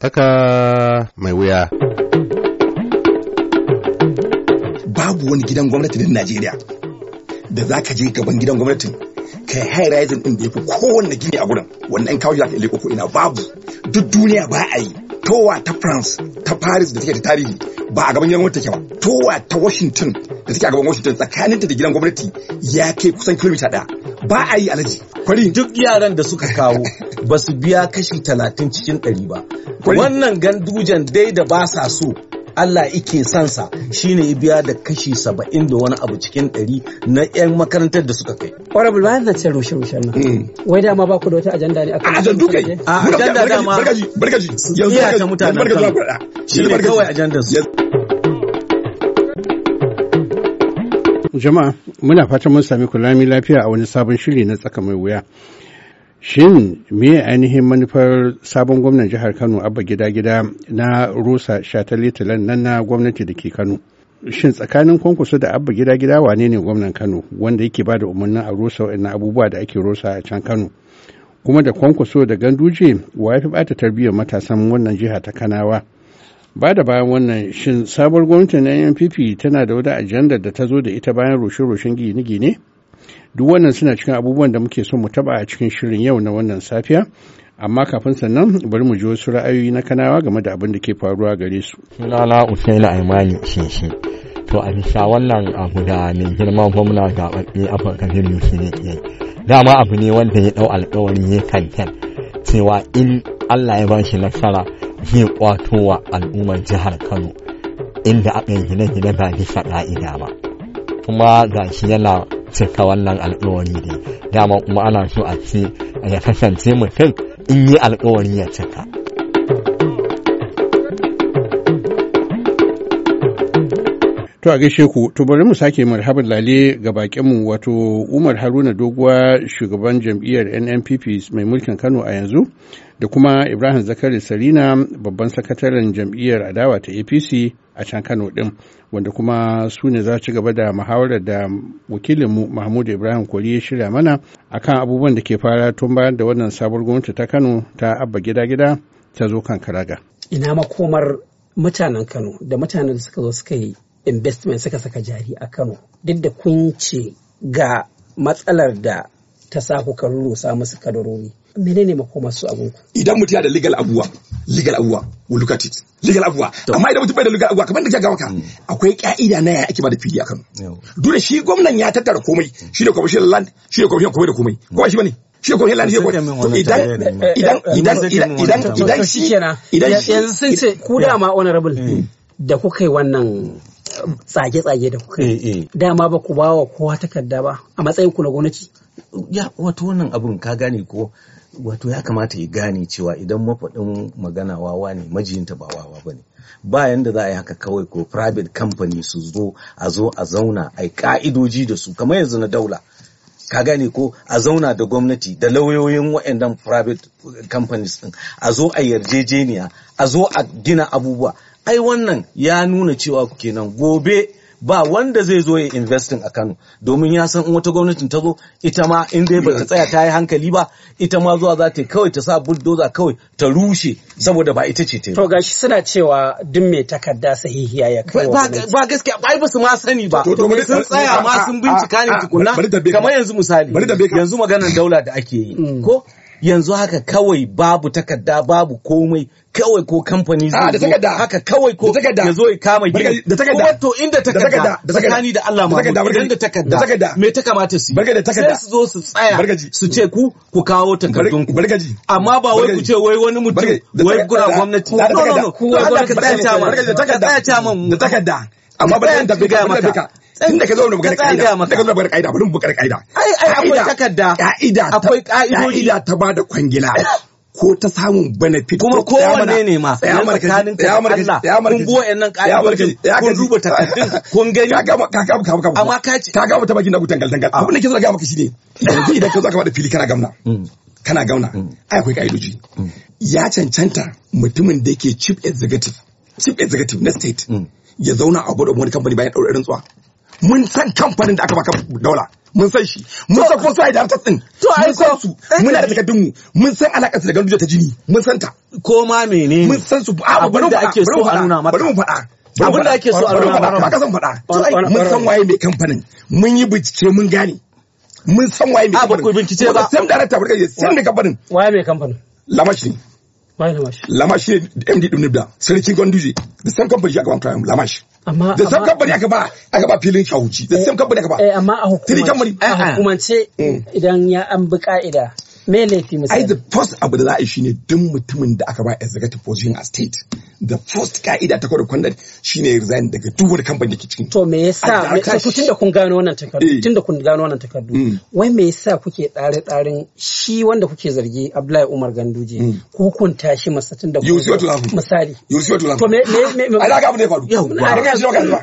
Tsaka mai wuya. Babu wani gidan gwamnati na Najeriya da za ka je gaban gidan gwamnatin ka yi high rising ɗin da ya fi kowanne gini a gurin wannan kawai kawo ka ile ko ina babu duk duniya ba a yi towa ta France ta Paris da take da tarihi ba a gaban gidan gwamnati take ba towa ta Washington da take a gaban Washington tsakaninta da gidan gwamnati ya kai kusan kilomita ɗaya ba a yi alaji Kwari duk yaran da suka kawo ba su biya kashi talatin cikin ɗari ba wannan gandujan dai da ba sa so Allah ike sansa shine ya biya da kashi saba'in da wani abu cikin ɗari na 'yan makarantar da suka kai. Honorable na zancen rushe-rushen nan. Hmm. Wai dama ba ku da wata ajanda ne akan ajandu kai. Ah, a ajanda ma. Barkaji barkaji. Yanzu ta mutanen kan. Shi ne kawai ajanda su. Jama'a muna fatan mun sami kulami lafiya a wani sabon shiri na tsaka mai wuya. Shin me ainihin manufar sabon gwamnan jihar Kano abba gida gida na rusa shataletalen nan na gwamnati da ke Kano? Shin tsakanin kwankwaso da abba gida gida wane ne gwamnan Kano wanda yake ba da umarnin a rusa wa'annan abubuwa da ake rusa a can Kano? Kuma da kwankwaso da ganduje wa ya fi bata tarbiyyar matasan wannan jiha ta Kanawa? Ba da bayan wannan shin sabuwar gwamnatin na NPP tana da wata ajandar da ta zo da ita bayan rushe-rushen gine-gine? duk wannan suna cikin abubuwan da muke so mu taba a cikin shirin yau na wannan safiya amma kafin sannan bari mu ji wasu ra'ayoyi na kanawa game da abin da ke faruwa gare su sunana usaina aimani shinshi to a bisa wannan abu da mai girman gwamna zaɓaɓɓe afirka zai musulmi ne dama abu ne wanda ya ɗau alƙawari ya kankan cewa in allah ya ba shi nasara zai kwato wa al'ummar jihar kano inda aka yi gine-gine ba bisa ƙa'ida ba kuma ga shi yana cika wannan alkawari ne dama kuma ana so a ce ya kasance mutum in yi alkawari ya cika To a gaishe ku, to bari mu sake marhaban lale ga bakinmu wato Umar Haruna Doguwa shugaban jam'iyyar NNPP mai mulkin Kano a yanzu da kuma Ibrahim Zakari Sarina babban sakataren jam'iyyar adawa ta APC a can Kano din wanda kuma su ne za ci gaba da muhawarar da wakilinmu Mahmud Ibrahim Kori ya shirya mana akan abubuwan da ke fara tun bayan da wannan sabuwar gwamnati ta Kano ta abba gida-gida ta zo kan karaga. Ina makomar mutanen Kano da mutanen da suka zo suka yi investment suka saka jari a Kano duk da kun ce ga matsalar da ta sa kuka rusa musu kadarori menene makomarsu abun idan mutum da legal abuwa legal abuwa we look at it legal abuwa amma idan mutum bai da legal abuwa kamar da ke gawa ka akwai ka'ida na yaya ake da fili a kano dole shi gwamnan ya tattara komai shi da commercial land shi da commercial komai da komai hmm. ko shi bane shi ko hela shi ko idan idan idan idan idan shi idan yanzu sun ce ku dama honorable hmm. da kuka yi wannan tsage-tsage da kuka yi eh, eh. dama ba ku ba wa kowa takarda ba a matsayin ku na gwamnati ya wato wannan abin ka gane ko wato ya kamata ya gane cewa idan mafaɗin magana wawa ne majiyinta ba wawa ba ne ba yanda za a yi haka kawai ko private company su zo a zo a zauna a yi ka'idoji da su kamar yanzu na daula ka gane ko a zauna da gwamnati da lauyoyin waɗannan private companies din a zo a yarjejeniya a zo a gina abubuwa ai wannan ya nuna cewa kenan gobe ba wanda zai zo ya investin a Kano domin ya san in wata gwamnatin ta zo ita ma in dai bata tsaya ta yi hankali ba ita ma zuwa za ta kawai ta sa bulldozer kawai ta rushe saboda ba ita ce ta yi. To gashi suna cewa duk mai takarda sahihiya ya kai ba gaskiya ba ba su ma sani ba sun tsaya ma sun bincika ne tukuna kamar yanzu misali yanzu maganar daula da ake yi mm. ko yanzu haka kawai babu takarda babu komai kawai ko kamfani ah, zai zo haka kawai ko ya ya kama gini da takarda kuma to inda takarda tsakani da Allah ma da da takarda me ta kamata su sai su zo su tsaya su ce ku ku kawo takardun ku amma ba wai ku ce wai wani mutum wai gura gwamnati no no no ku ga ka tsaya da takarda amma ba da takarda tun da ka zo da kaida da ka zo kaida bari mu kaida ai ai akwai takarda kaida akwai kaidoji kaida ta bada kwangila ko ta samun benefit kuma ko wanne ne ma ya markaji tsaya markaji kun go nan ka'idoji kun duba takardun kun gani ka ga ka ga amma ka ka gama ta bakin na gutan gal ah. abin da ke so ga maka shine yanzu idan ka zo ka bada fili kana gauna hmm. kana gauna hmm. ai akwai ka'idoji hmm. ya cancanta mutumin da yake chief executive chief executive na state ya zauna a gudun wani kamfani bayan ɗaurin tsuwa mun san kamfanin da aka baka dola mun san shi mun san kuma sai da ta din mun san su eh, muna eh. da takardun mu mun san alakar su da gandu ta jini mun san ta ko ma menene mun san su a bari da ake so a nuna mata bari mu faɗa abin da ake so a nuna mata ba ka san faɗa mun san waye mai kamfanin mun yi bincike mun gane mun san waye mai kamfanin ba ku bincike ba sai da rata barka sai mai kamfanin waye mai kamfanin lamashi ne lamashi lamashi md din nibda sarkin ganduje da san kamfanin shi aka wanta lamashi amma the same company aka ba aka ba filin shahuci the same company aka ba eh amma a hukumance eh. idan ya an bi ka'ida me laifi misali ai the first abu da za a yi shine duk mutumin da aka ba executive position a state the first ka'ida ta kodin conduct shine resign daga duk wani kamfani da ke cikin to me yasa me yasa tun da kun gano wannan takardu eh. tun da kun gano wannan takardu mm. wai me yasa kuke tsare tsaren shi wanda kuke zargi Abdullahi Umar Ganduje mm. ku hukunta shi masatin da you see what misali you see what to me me me ala ga abu da faru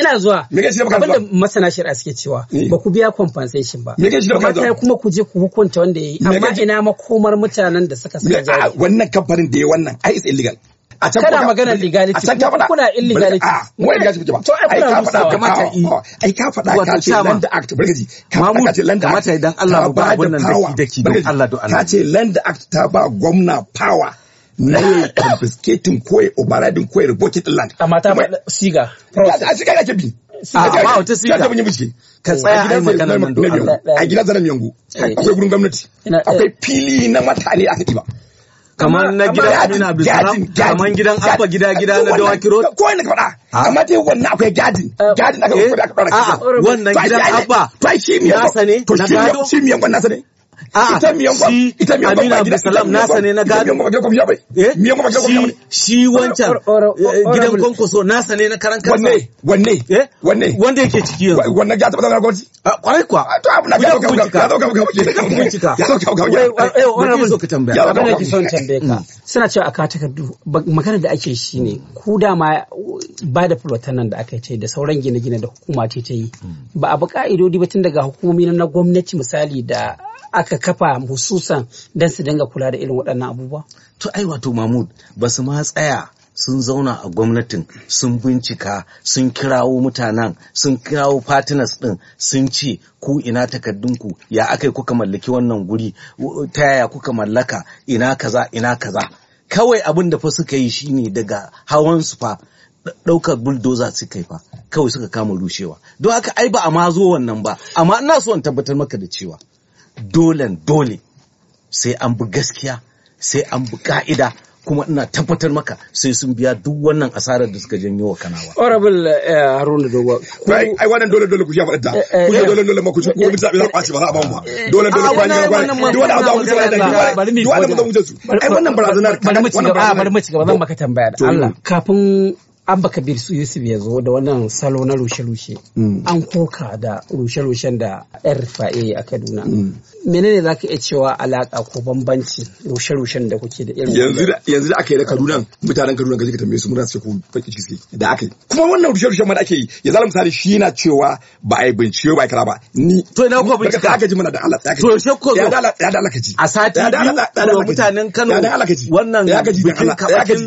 ina zuwa me kace baka zuwa masana shari'a suke cewa eh. ba ku biya compensation ba me kace baka zuwa kuma ku je ku hukunta wanda yayi amma ina makomar mutanen da suka saka jari wannan kamfanin da ya wannan ai is illegal a can kana magana legality a can ka faɗa kuna illegality mu gashi kuma to ai ka faɗa ai ka faɗa ce land act ka faɗa ce land act idan Allah ba don Allah do Allah ka ce land act ta ba gwamna power na yi confiscating ko ya obaradin ko ya revoking land amma ta siga a siga yake bi a wata sika ta miji ka tsaya a maganar nan don Allah a gidan zanen yango eh, eh. akwai gurin gwamnati eh. akwai fili na mutane aka ba kamar na gidan Amina Bisaram kamar gidan Abba gida gida na Dawaki Road ko ne faɗa ah. amma dai wannan akwai gadin gadin aka aka fara ah, ah. wannan gidan Abba to shi miyan na gado shi miyan wannan sane ita miyan kwam ita miyan kwam Amina Salam nasa ne na gado miyan kwam shi shi wancan gidan konkoso nasa ne na karan kansa wanne wanne wanne wanda yake ciki yanzu wanne ya taba zama gwamnati kwarai kwa to abu na gado gado gado gado gado bincika ya sauka gado eh wannan zo ka tambaya abin da ke son tambaye ka suna cewa aka takardu maganar da ake shi ne ku dama ba da fulwatan nan da aka ce da sauran gine-gine da hukuma ce ta yi ba a bi ka'idodi ba tun daga hukumomi na gwamnati misali da aka kafa hususan don su dinga kula da irin waɗannan abubuwa? To ai wato Mahmud ba su ma tsaya sun zauna a gwamnatin sun bincika sun kirawo mutanen sun kirawo partners ɗin sun ce ku ina takardunku ya aka kuka mallaki wannan guri ta yaya kuka mallaka ina kaza ina kaza kawai abin da fa suka yi shine daga hawan su fa ɗaukar bulldozer suka yi fa kawai suka kama rushewa don haka ai ba a ma zo wannan ba amma ina so in tabbatar maka da cewa dolen dole sai an bi gaskiya sai an bi ka'ida kuma ina tabbatar maka sai sun biya duk wannan asarar da suka janyo wa kanawa. Honorable eh, Haruna Dogo. Ai ai wannan dole dole ku ya faɗa. Eh, eh, ku ya dole dole ku ku bi zabe za ku ba za a ba mu ba. Dole dole ku ne ba. Duk wannan abu ku tsara da ni. Duk wannan mu zo mu su. Ai wannan barazanar. Bari mu ci gaba. Bari mu ci gaba zan maka tambaya da Allah. Kafin bir Su yusuf ya zo da wannan salo na rushe-rushe mm. an koka da rushe-rushen da yar fa'e a kaduna mm. menene za ka iya cewa alaka ko bambanci rushe-rushen da kuke da irin yanzu da aka yi da kaduna mutanen kaduna gaji ka tambaye su muna suke ko baki ciki da aka yi kuma wannan rushe-rushen ma da ake yi ya zala misali shi na cewa ba a yi bincike ba a kara ba ni to ina ko bincike da aka ji mana da Allah ya ka ko ya da Allah ka ji a sati biyu mutanen Kano wannan bikin kafin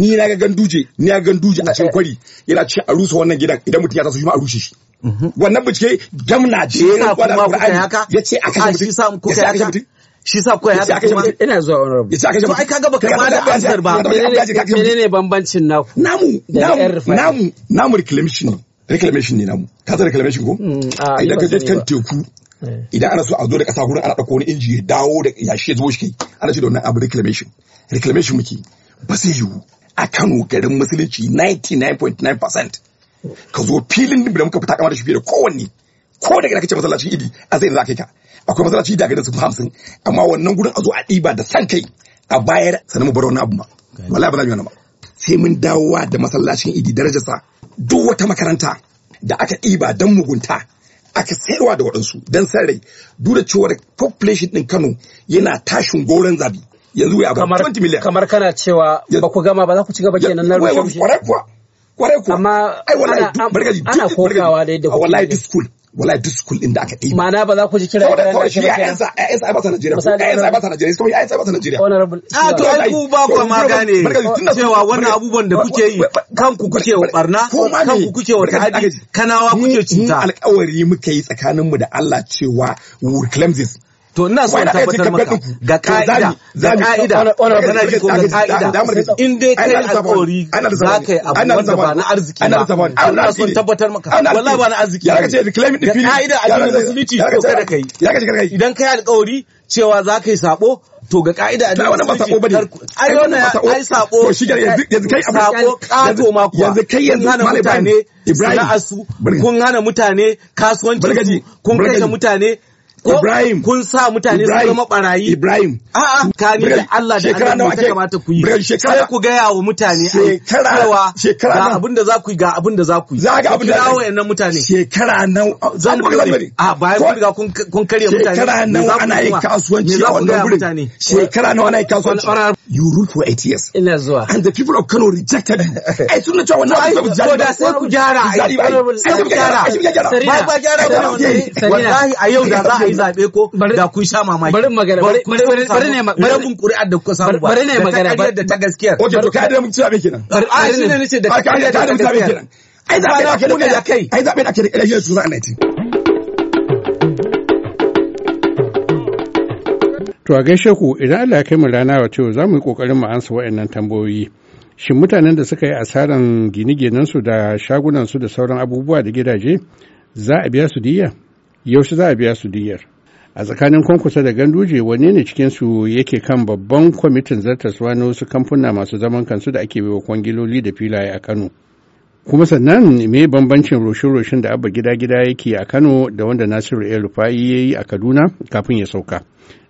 ni na ga ganduje ni ya ganduje a cikin eh. kwari yana ci a rusa wannan gidan idan mutum ya taso shi ma a rushe shi mhm. wannan bincike gam Najeriya kwada Qur'ani yace a kashe ah, mutum sa ku kai haka shi sa ku kai haka ina zuwa honorable yace a kashe mutum ai kaga baka ma da answer ba menene bambancin naku namu namu namu reclamation reclamation ne namu ka san reclamation ko mm, ah, idan ka je kan teku eh. idan ana so a zo da kasa gurin ana dauko wani inji ya dawo da yashi ya zo shi kai ana ce da wannan abu reclamation reclamation muke ba sai yiwu a Kano garin musulunci 99.9% ka zo filin da muka fita kamar da shi da kowanne ko daga da ce masallacin idi a zai za ka ka akwai masallaci da garin su hamsin amma wannan gurin a zo a ɗiba da san kai a bayar sanin mu bar wani abu ma wallahi ba za mu yi ba sai mun dawowa da masallacin idi darajarsa duk wata makaranta da aka ɗiba don mugunta aka sayarwa da waɗansu don san rai duk da cewar population ɗin Kano yana tashin goron zabi yanzu we about 20 miliyan kamar kana cewa ba ku gama ba za ku ci gaba kenan na rushe kwarai kuwa kwarai kuwa amma ai wallahi barkaji ana kokawa da yadda ah, ku wallahi this school wallahi this school din da aka yi ma'ana ba za ku ji kira da ran shi ya yansa yansa ba ta Najeriya yansa ba ta Najeriya kuma yansa ba ta Najeriya honorable ah to ai ku ba ku ma gane cewa wannan abubuwan da kuke yi kanku kuke wa barna kanku kuke wa ta'adi kanawa kuke cinta alƙawari muka yi tsakaninmu da Allah cewa we claim this To ina so tabbatar maka ga ka'ida ga ka'ida kana ji ko ga ka'ida in dai kai alƙawari za ka yi abu wanda ba na arziki ba ina so tabbatar maka wallahi ba na arziki ba ga ka'ida a cikin musulunci to da kai idan kai alƙawari cewa za ka yi sabo to ga ka'ida a wannan ba sako bane ai wannan ai sako to shi yanzu yanzu kai abu sako kato ma kuwa yanzu kai yanzu hana mutane Ibrahim kun hana mutane kasuwanci kun kashe mutane Ko Ibrahim. Kun sa mutane su zama barayi. Ibrahim. A'a. Kani da Allah da Allah ta kamata ku yi. Sai ku gaya wa mutane. Shekara. shekara ga abin da za ku yi ga abin da za ku yi. Za ga abin da za ku yi. Kira mutane. Shekara nan. Zan ku yi. A bayan kun riga kun karya mutane. Shekara nan ana yin kasuwanci a wannan gurin. Shekara nan ana yin kasuwanci. You rule for eight years. Ina zuwa. And the people of Kano rejected you. Ai sun cewa wannan abin da ku gyara. Sai ku gyara. Sai ku gyara. Sai ku gyara. Ba ba gyara. Wallahi a yau da za a yi zaɓe ko da kun sha mamaki. Bari magana bari bari ne magana. Bari kuri'ar da kuka samu ba. Bari ne magana. Da ta da ta gaskiyar. Ok to ka da mun ci zaɓe kenan. A shi ne ce da ka da ta zaɓe kenan. Ai zaɓe da ake da kai. Ai zaɓe da ake da a 2019. To a gaishe ku idan Allah ya kai mu rana ce za mu yi kokarin mu ansa waɗannan tambayoyi. Shin mutanen da suka yi asaran gine-ginensu da shagunansu da sauran abubuwa da gidaje za a biya su diya? yaushe za a biya su diyar a tsakanin kwankwasa da ganduje wanne ne cikinsu yake kan babban kwamitin zartaswa na wasu kamfuna masu zaman kansu da ake baiwa kwangiloli da filaye a kano kuma sannan me bambancin roshin-roshin da abba gida-gida yake a kano da wanda nasiru el rufai ya yi a kaduna kafin ya sauka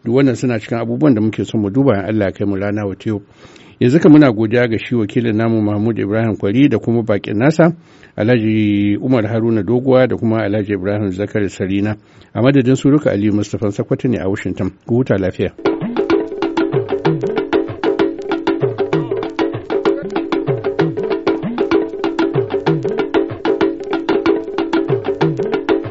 duk wannan suna cikin abubuwan da muke son mu duba in allah kai mu rana wa yanzu ka muna godiya ga shi wakilin namu mahmud ibrahim kwari da kuma bakin nasa alhaji umar haruna doguwa da kuma alhaji ibrahim zakari sarina a madadin suruka aliyu mustapha sakwata ne a washington huta lafiya